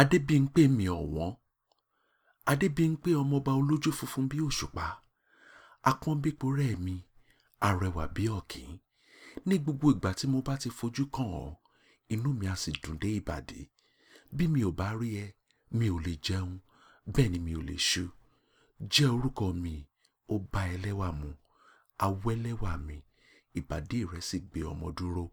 Adébímpé mi ọ̀wọ́n Adébímpé ọmọọba olójú funfun bí òṣùpá, àpọ́nbéporẹ́ mi, arẹwà bí ọ̀kín, ní gbogbo ìgbà tí mo bá ti fojú kàn ọ́, inú mi á sì dùn dé ìbàdí. Bí mi ò bá rí ẹ, mi ò lè jẹun, bẹ́ẹ̀ ni mi ò lè ṣu. Jẹ́ orúkọ mi, ó bá ẹlẹ́wà mu, awẹ́lẹ́wà mi, ìbàdí rẹ sì gbé ọmọ dúró.